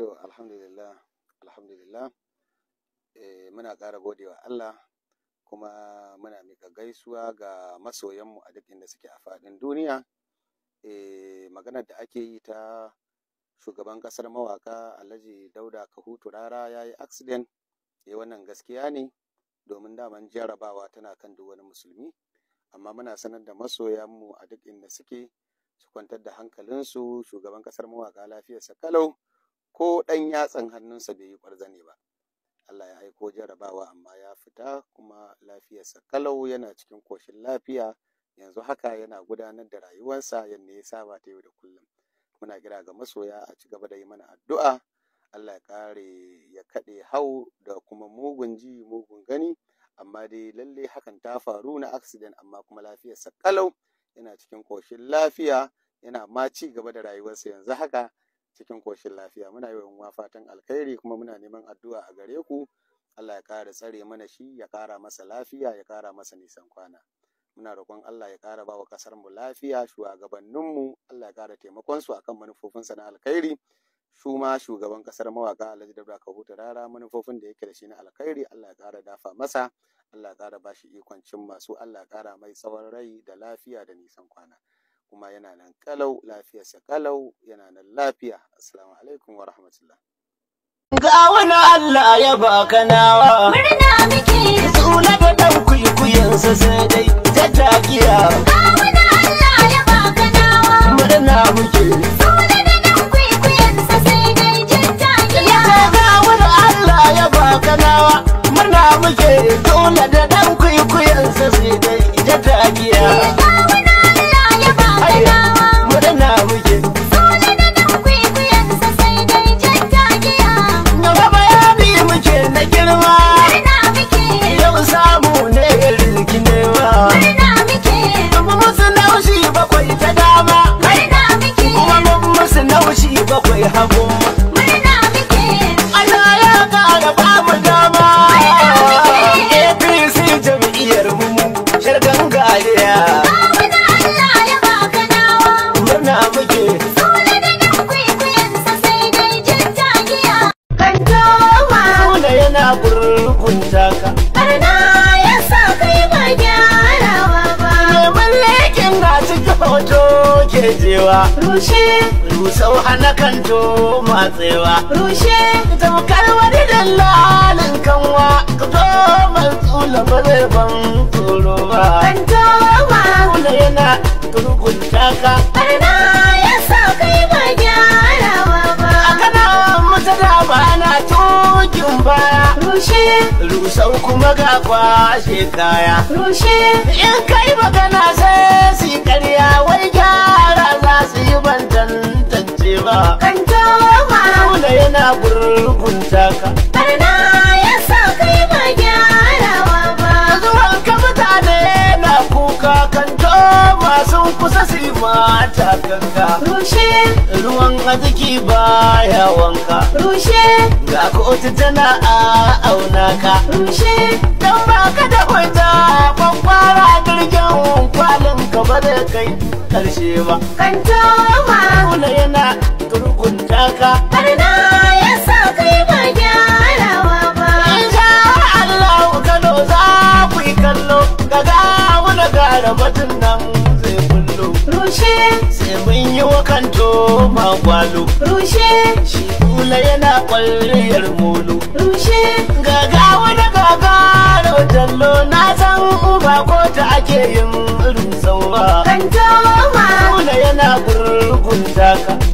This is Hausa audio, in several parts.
To, alhamdulillah, alhamdulillah, eh, muna ƙara godewa Allah kuma muna mika gaisuwa ga masoyanmu a duk inda suke a faɗin duniya. E, maganar da ake yi ta shugaban ƙasar mawaka Alhaji Dauda Kahutu Rara ya yi accident, e, wannan gaskiya ne domin daman jarabawa tana kan duk wani musulmi, amma muna sanar da masoyanmu a duk inda suke su kwantar da hankalinsu shugaban ƙasar mawaka lafiyarsa kalau. ko ɗan yatsan hannunsa bai yi ƙwarzane ba Allah ya aiko jarabawa amma ya fita kuma lafiyarsa kalau yana cikin ƙoshin lafiya yanzu haka yana gudanar da rayuwarsa yadda ya saba ta yau da kullum muna kira ga masoya a ci gaba da yi mana addu'a Allah ya kare ya kaɗe hau da kuma mugun ji mugun gani amma dai lalle hakan ta faru na accident amma kuma lafiyarsa kalau yana cikin ƙoshin lafiya yana ma ci gaba da rayuwarsa yanzu haka cikin koshin lafiya muna yi wa fatan alkhairi kuma muna neman addu'a a gare ku Allah ya ƙara tsare mana shi ya ƙara masa lafiya ya ƙara masa nisan kwana muna roƙon Allah ya ƙara ba wa ƙasar mu lafiya shugabanninmu Allah ya ƙara taimakon su akan sa na alkhairi su ma shugaban ƙasar mawaƙa Alhaji Dauda Kahuta Rara manufofin da yake da shi na alkhairi Allah ya ƙara dafa masa Allah ya ƙara ba shi ikon cimma su Allah ya ƙara mai tsawon rai da lafiya da nisan kwana kuma yana nan kalau lafiyarsa kalau yana nan lafiya assalamu alaikum wa rahmatullah ga wani Allah ya baka nawa murna muke da dan kuikuyin sa sai dai tattakiya ga Allah ya baka nawa murna da sai dai ga wani Allah ya baka nawa murna muke da sai dai jejewa rushe rusau hana kanto matsewa rushe tamkar wani dallalin kanwa ka to matsula ba zai ban tsoro ba ban to ma kula yana turkunta ka barna ya sa kai ba gyarawa ba a kana mutu da ba na to gugin baya rushe rusau kuma ga kwashe kaya rushe in kai magana sai su karya wai gyara za su yi ban tantance ba kan to ma yana gurgunta ka sun kusa su yi mata ganga rushe ruwan arziki baya wanka rushe ga kotu tana a auna ka rushe ba ka da wata kwakwara jirgin kwalin ka ba da kai karshe ba kanta magwalo rushe shi kula yana kwalliyar molo rushe gaga wani gaga da tallo na san uba ko ta ake yin irin ba kanta ma kula yana gurgun daka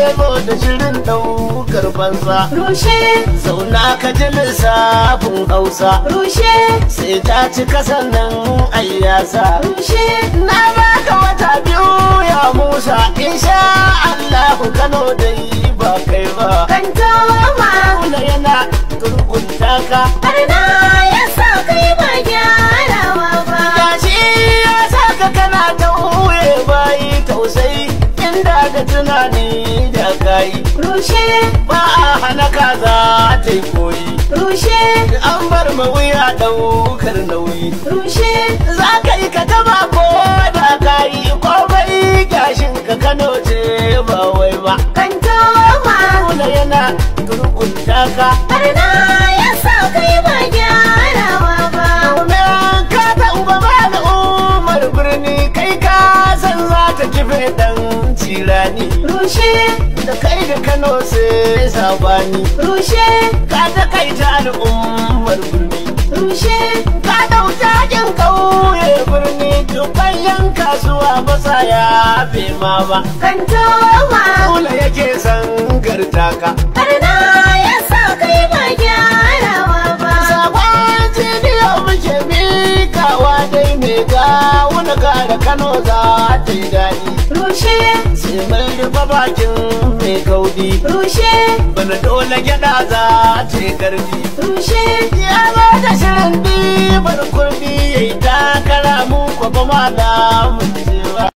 ya zo da shirin ɗaukar fansa rushe zauna ka ji lissafin hausa rushe sai ta ci kasan nan ayyasa rushe na baka wata biyu ya musa insha allahu kano dai ba kai ba kan ma yana turgunta ka yayi rushe ba a hana kaza ta yi koyi rushe an bar ma wuya daukar nauyi rushe za ka yi ka taba ko da ka yi komai gashin ka kano ce ba wai ba kan ma wula yana turgunta ka har na ya sa ka yi ba gyarawa ba domin ka ta uba ba da umar birni kai ka san za ta kife dan cirani rushe da kai da kano sai sabani rushe ka ta kai ta al'ummar birni rushe ka dauta jin kauye birni dubban yan kasuwa ba sa ya ma ba kan toma kula yake sangar taka karna ya sa kai ba gyarawa ba sabon jidiyo muke mikawa dai mai ga wani ka da kano za ta yi daɗi rushe sai mai rufe bakin mai kaudi rushe bana dole gyada za ce karfi rushe ya ba da shirin bi bar kurbi yayi takara mu ko ba da mu